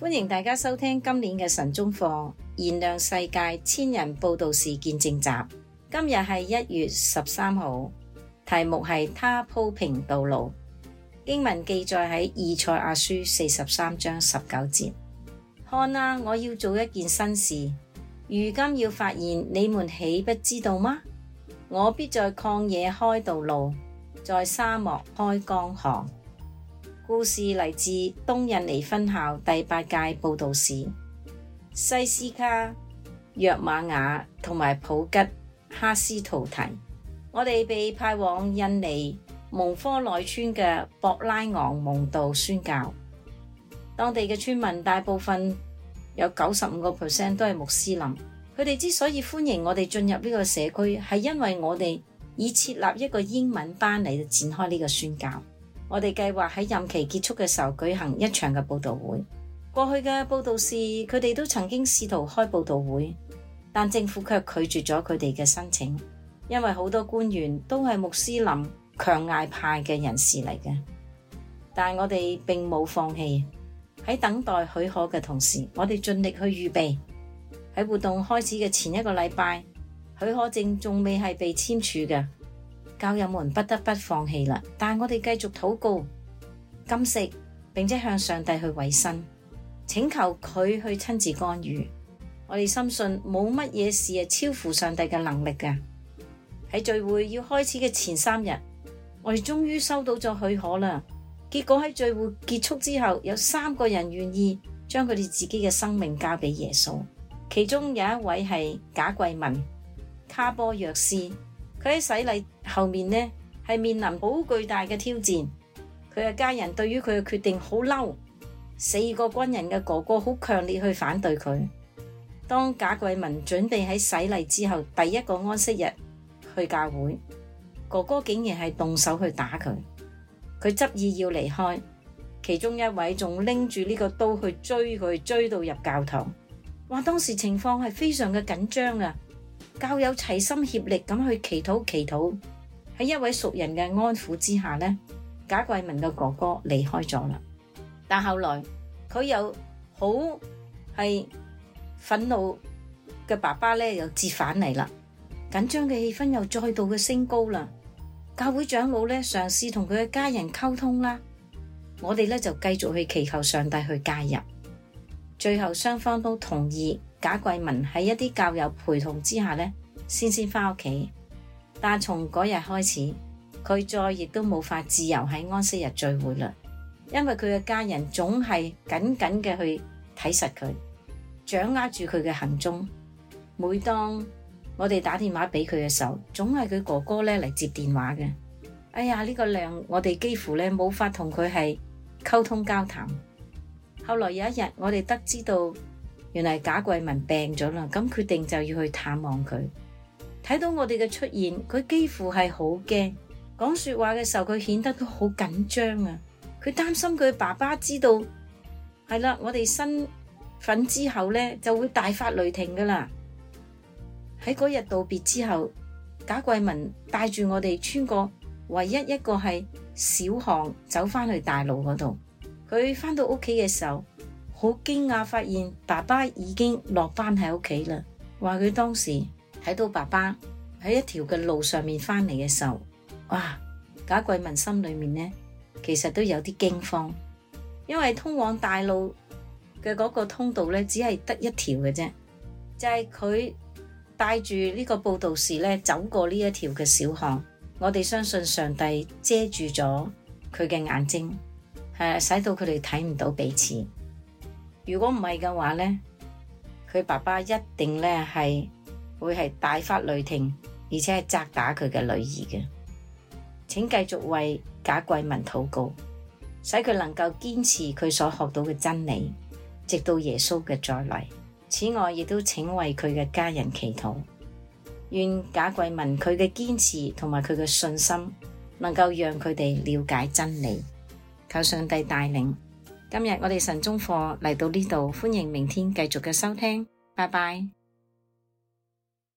歡迎大家收聽今年嘅晨鐘課，燃亮世界千人佈道士見證集。今日係一月十三號，題目係他鋪平道路。經文記載喺以賽亞書四十三章十九節：看啊，我要做一件新事，如今要發現你們豈不知道嗎？我必在曠野開道路，在沙漠開江河。故事嚟自東印尼分校第八屆佈道士西斯卡約瑪雅同埋普吉哈斯圖提，我哋被派往印尼蒙科內村嘅博拉昂蒙道宣教，當地嘅村民大部分有九十五個 percent 都係穆斯林，佢哋之所以歡迎我哋進入呢個社區，係因為我哋已設立一個英文班嚟展開呢個宣教。我們計劃在任期結束的時候舉行一場的佈道會。過去的佈道士，他們都曾經試圖開佈道會，但政府卻拒絕了他們的申請，因為好多官員都是穆斯林強硬派的人士來的，但我們並沒有放棄，在等待許可的同時，我們盡力去預備。在活動開始的前一個禮拜，許可證還未係被簽署的。教友們不得不放棄啦，但我哋繼續禱告、禁食，並且向上帝去委身，請求佢去親自干預。我哋深信冇乜嘢事係超乎上帝嘅能力嘅。喺聚會要開始嘅前三日，我哋終於收到咗許可啦。結果喺聚會結束之後，有三個人願意將佢哋自己嘅生命交俾耶穌，其中有一位係賈貴文、卡波若斯。佢喺洗禮後面呢，係面臨好巨大嘅挑戰。佢嘅家人對於佢嘅決定好嬲，四個軍人嘅哥哥好強烈去反對佢。當賈桂文準備喺洗禮之後第一個安息日去教會，哥哥竟然係動手去打佢。佢執意要離開，其中一位仲拎住呢個刀去追佢，追到入教堂，話當時情況係非常嘅緊張啊！教友齊心協力咁去祈禱，祈禱喺一位熟人嘅安撫之下呢，賈桂文嘅哥哥離開咗啦。但後來佢又好係憤怒嘅爸爸呢，又折返嚟啦，緊張嘅氣氛又再度嘅升高啦。教會長老呢，嘗試同佢嘅家人溝通啦，我哋呢，就繼續去祈求上帝去介入，最後雙方都同意。賈桂文喺一啲教友陪同之下呢，先先返屋企。但從嗰日開始，佢再亦都冇法自由喺安息日聚會啦，因為佢嘅家人總係緊緊嘅去睇實佢，掌握住佢嘅行蹤。每當我哋打電話俾佢嘅時候，總係佢哥哥呢嚟接電話嘅。哎呀，呢、這個量我哋幾乎呢冇法同佢係溝通交談。後來有一日，我哋得知到。原來賈桂文病咗啦，咁決定就要去探望佢。睇到我哋嘅出現，佢幾乎係好驚。講說話嘅時候，佢顯得都好緊張啊！佢擔心佢爸爸知道，係啦，我哋身份之後咧，就會大發雷霆噶啦。喺嗰日道別之後，賈桂文帶住我哋穿過唯一一個係小巷，走翻去大路嗰度。佢翻到屋企嘅時候。好驚訝，發現爸爸已經落班喺屋企啦。話佢當時睇到爸爸喺一條嘅路上面翻嚟嘅時候，哇！賈桂文心裏面呢，其實都有啲驚慌，因為通往大路嘅嗰個通道呢，只係得一條嘅啫。就係佢帶住呢個佈道士呢，走過呢一條嘅小巷。我哋相信上帝遮住咗佢嘅眼睛，係呀，使到佢哋睇唔到彼此。如果唔係嘅話咧，佢爸爸一定咧係會係大發雷霆，而且係責打佢嘅女兒嘅。請繼續為賈桂文禱告，使佢能夠堅持佢所學到嘅真理，直到耶穌嘅再嚟。此外，亦都請為佢嘅家人祈禱，願賈桂文佢嘅堅持同埋佢嘅信心能夠讓佢哋了解真理，靠上帝帶領。今日我哋晨鐘課嚟到呢度，歡迎明天繼續嘅收聽，拜拜。